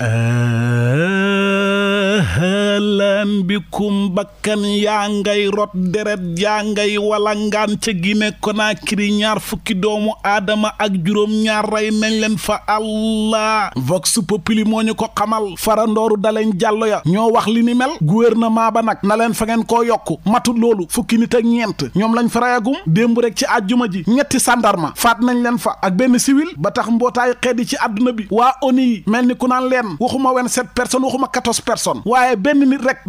Uh, bakkan bikum bakkan yaa ngay rot deret yaa ngay walangaan ca Gine Konakri ñaar fukki doomu aadama ak juróom-ñaar rey nañ leen fa allah vox populi moo ñu ko xamal farandooru daleen jàllo ya ñoo wax li ni mel gouvernement ba nag na leen fa ngeen koo yokk matul loolu fukki nit ak ñeent ñoom lañ fa rayagum démb rek ci àjjuma ji ñetti sandarma faat nañ leen fa ak benn civil ba tax mbootaayu xeet ci àdduna bi waa ONU mel ni ku naan leen waxuma wen sept personnes waxuma quatorze personnes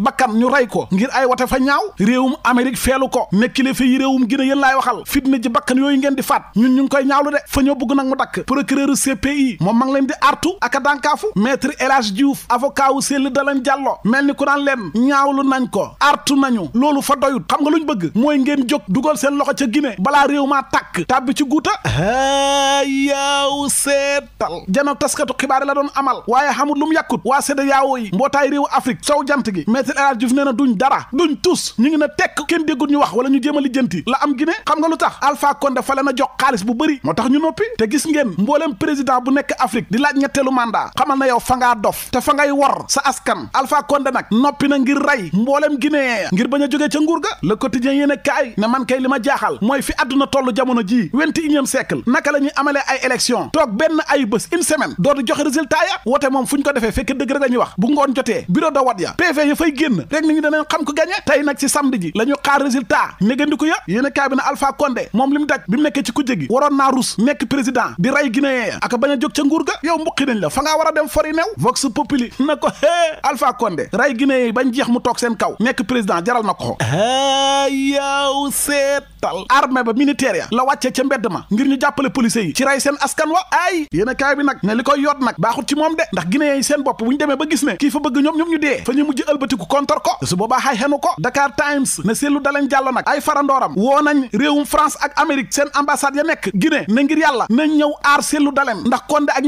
bakkan ñu rey ko ngir ay wate fa ñaaw réewum Amérique feelu ko ne kilifa yi réewum Guinée yéen laay waxal fitna ji bakkan yooyu ngeen di faat ñun ñu ngi koy ñaawlu de fa ñoo bëgg nag mu dakk procureur CPI moom ma leen di artu ak a dànkaafu maître El Hadj Diouf avocat wu Cellou mel ni ku naan leen ñaawlu nañ ko artu nañu loolu fa doyut xam nga luñ bëgg mooy ngeen jóg dugal seen loxo ca Guinée balaa réew maa tàkk tàbbi ci guuta yaaw seetal janoog taskatu xibaar la doon amal waaye xamul lu mu yàkkut waa CEDEAO yi mbootaay réewu Afrique sow El Hadj Diouf na duñ dara duñ tus ñu ngi ne tekk kenn déggul ñu wax wala ñu jéem a lijjanti la am Guinée xam nga lu tax Alpha Condé fa leen a jox xaalis bu bëri moo tax ñu noppi te gis ngeen mbooleem président bu nekk Afrique di laaj ñetteelu mandat xamal na yow fa ngaa dof te fa ngay wor sa askan Alpha Condé nag noppi na ngir rey mboolem mbooleem Guinée ngir bañ a jógee ca nguur ga le quotidien yéen a kaay ne man kay li ma jaaxal mooy fi àdduna toll jamono jii vingt et unième siècle naka la ñuy amalee ay élection toog benn ay bés une semaine doodu joxe résultat ya wote moom fu ko defee fekk dëgg rek la wax bu ngoon jotee bureau de vote ya génn rek ni ñu danañ xam ko gagné tey nag ci samedi ji la xaar résultat négandiku ya yéen a kaay bi ne Alpha Condé moom li mu bi mu ci kujje gi waroon naa rus nekk président di rey Guinée ya ak bañ jóg ca nguur ga yow mbuqi nañ la fa ngaa a dem fori new vox populi na ko hé Alpha Condé rey Guinée yi bañ jeex mu toog seen kaw nekk président jaral na ko yaw seet Sall ba militaire ya la wàcce ca mbedd ma ngir ñu jàppale police yi ci rey seen askan wa aay yéen a kaay bi nag ne li koy yoot nag baaxut ci moom de ndax guinéen yi seen bopp bu ñu demee ba gis ne kii fa bëgg ñoom ñoom ñu dee fa ñu mujj ëlbatiku contre ko su boobaa xay xenu ko Dakar Times ne seetlu daleen jàllo nag ay farandooram woo nañ réewum France ak Amérique seen ambassade ya nekk Guinée ne ngir yàlla nañ ñëw aar seetlu daleen ndax konde ak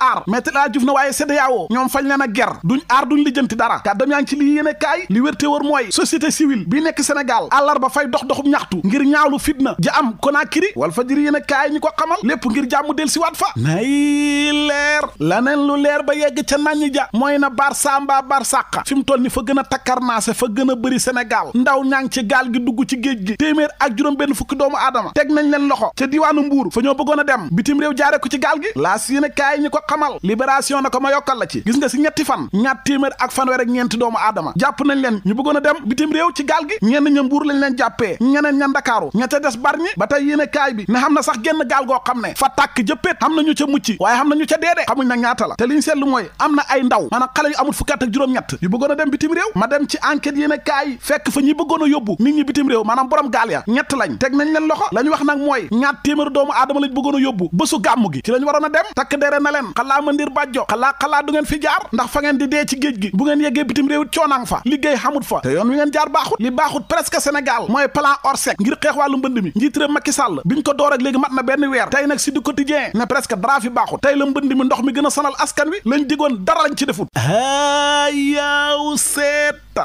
ak maître El waaye CEDEAO ñoom fañ leen a ger duñ aar duñ lijjanti dara kàddam yaa ngi ci li yéene kaay li wérte wër mooy société civile bi nekk Sénégal àllarba fay dox doxub ñaxtu ngir ñaawlu fitna ja am Conakry wal fajiri yéene kaay ñi ko xamal lépp ngir jàmm del siwaat fa nay leer nen lu leer ba yegg ca naññi ja moy na Barça mbaa Barsàq fi mu toll ni fa gën a takkarnaase fa gën a bëri Sénégal ndaw ñaa ngi ci gaal gi dugg ci géej gi téeméer ak juróom benn fukki doomu aadama teg nañ leen loxo ca diwaanu Mbuur fa ñoo bëggoon a dem bitim réew jaare ko ci gaal gi laas yéene kaay ñi ko libération ñoo ne ko ma yokkal la ci gis nga si ñetti fan ñaat téeméer ak fanweer ak ñeenti doomu aadama jàpp nañ leen ñu bëggoon a dem bitim réew ci gaal gi ñenn ña mbuur lañ leen jàppee ñeneen ña ndakaaru ña ca des barñi ba tey yéene kaay bi ne xam na sax génn gaal goo xam ne fa tàkk jëppéet xam na ñu ca mucc waaye xam na ñu ca deedee xamuñ na ñaata la te liñ seetlu mooy am na ay ndaw na xale yu amul fukkaat ak juróom-ñett yu bëggoon dem bitim réew ma dem ci enquête yéene kaay fekk fa ñi bëggoon a yóbbu nit ñi bitim réew borom gaal ñett lañ teg nañ leen loxo lañ wax nag mooy ñaat téeméer doomu aadama lañ bëggoon a yóbbu bésu gàmmu gi ci lañ waroon a dem takk na leen xalaa ma ndir xalaa xalaa du ngeen fi jaar ndax fa ngeen di dee ci géej gi bu ngeen yeggee bitim réew it coonaang fa liggéey xamut fa te yoon wi ngeen jaar baaxut li baaxut presque Sénégal mooy plan Orsec ngir xeex wàllu mbënd mi njiit réew Macky biñ ko door léegi mat na benn weer tey nag si du quotidien ne presque dara fi baaxut tey la mbënd mi ndox mi gën a sonal askan wi lañ digoon dara ci defut aa yaaw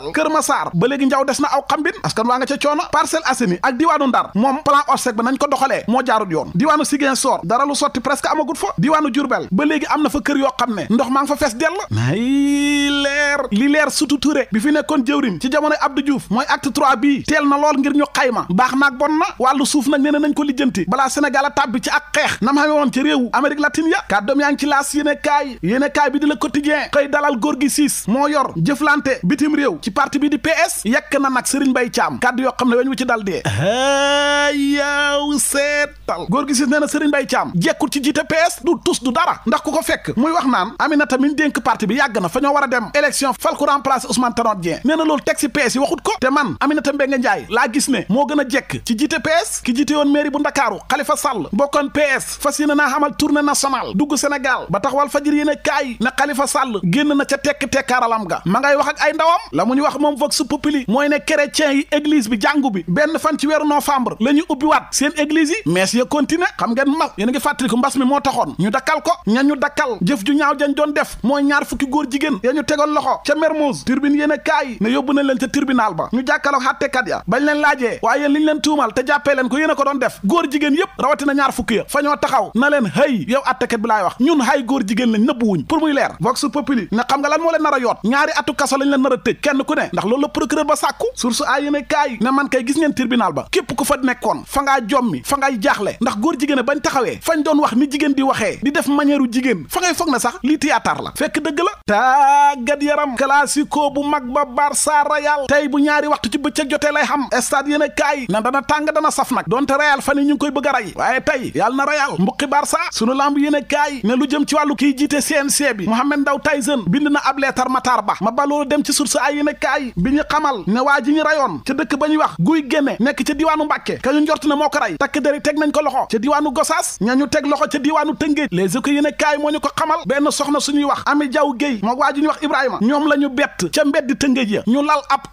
hôpital Kër Massar ba léegi njaw des na aw xambin askan waa nga ca coono Parcelles Assainies ak diwaanu Ndar moom plan ORSEC ba nañ ko doxalee moo jaarut yoon diwaanu Ziguinchor dara lu sotti presque amagut fa diwaanu Diourbel ba léegi am na fa kër yoo xam ne ndox maa fa fees dell nay leer li leer sutu Touré bi jëwrin ci jamonoy Abdou Diouf mooy acte 3 bii teel na lool ngir ñu xayma baax naag bon na wàllu suuf nag nee na nañ ko lijjanti balaa Sénégal a tàbbi ci ak xeex nam xamee woon ci réewu Amérique latine ya kàddoom yaa ngi ci laas yéene kaay yéene kaay bi di la quotidien xëy dalal góor gi siis moo yor jëflante bitim réew ci parti bi di PS yekk na nag Serigne Mbaye Thiam kàddu yoo xam ne weñ wu ci dal dee yaw seetal góor gi siis nee na Serigne bay caam jekkut ci jiite PS du tus du dara ndax ku ko fekk muy wax naan Aminata mi dénk parti bi yàgg na fa ñoo war a dem élection fal ku remplacer Ousmane na loolu teg si PS yi waxut ko te man Aminata Mbengue Ndiaye laa gis ne moo gën a jekk ci jiite PS ki jiite woon mairie bu ndakaaru xalifa sàll bokkoon PS fas yéene naa xamal tournée nationale dugg Sénégal ba taxawal fajir yéene kaay na Khalifa sàll génn na ca tekk tekkaaralam ga ma ngay wax ak ay ndawam la mu ñu wax moom vox populi mooy ne chrétien yi église bi jàngu bi benn fan ci weeru novembre la ñu ubbi waat seen église yi mees ya continué xam ngeen ma yéena ngi ko mbas mi moo taxoon ñu dakkal ko ña ñu dakkal jëf ju ñaaw jañ doon def mooy ñaar fukki góor jigéen ñu tegoon loxo ca Mermoz turbine yéene kaay yóbbu nañ leen ca tribunal ba ñu jàkkaloo xàttekat ya bañ leen laajee waaye waaye liñ leen tuumal te jàppee leen ko yéen a ko doon def góor jigéen yépp rawatina ñaar fukki ya fa ñoo taxaw na leen hëy yow attakat bi laay wax ñun hay góor jigéen lañ nëbb wuñ pour muy leer vox populi ne xam nga lan moo leen nar a yoot ñaari atu kaso lañ leen nar a tëj kenn ku ne ndax loolu la procureur ba sàkku source a yéen kaay ne man kay gis ngeen tribunal ba képp ku fa nekkoon fa ngaa jommi fa ngay jaaxle ndax góor jigéen bañ taxawee fañ doon wax ni jigéen di waxee di def manière jigéen fa ngay foog na sax lii théâtre la fekk dëgg la tàggat yaram classico bu mag ba Barça Real tey bu ñaari waxtu ci bëccëg jotee lay xam stade yéen yéene kaay na dana tàng dana saf nag donte Real fan yi ñu koy bëgg a waaye tey yàlla na Real mbuqi Barça sunu lamb yéene kaay ne lu jëm ci wàllu kiy jiite CNC bi Mohamed Ndao Tyson bind na ab leetar Matar Ba ma ba loolu dem ci source ay yéene kaay bi ñu xamal ne waa ji ñu rayoon ca dëkk ba ñu wax guy génne nekk ca diwaanu Mbàkke ka ñu njort ne moo ko rey takk deri teg nañ ko loxo ca diwaanu Gosaas ña ñu teg loxo ca diwaanu Tëngéej les éco yéene kaay moo ñu ko xamal benn soxna suñuy wax Ami la ñu bett ca mbeddi Tëngéej ya ñu lal ab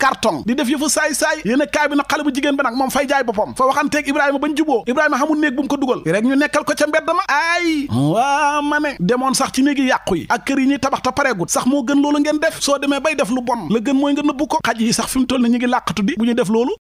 jigéen bi nag moom fay jaay boppam fa waxanteeg Ibrahima bañ juboo Ibrahima xamul néeg bu mu ko dugal rek ñu nekkal ko ca mbedd ma aay waa ma ne demoon sax ci néegi yàqu yi ak kër yi ñuy tabax ta pareegut sax moo gën loolu ngeen def soo demee bay def lu bon la gën mooy nga nëbbu ko xaj yi sax fi mu toll ni ñu ngi làqatu di bu ñu def loolu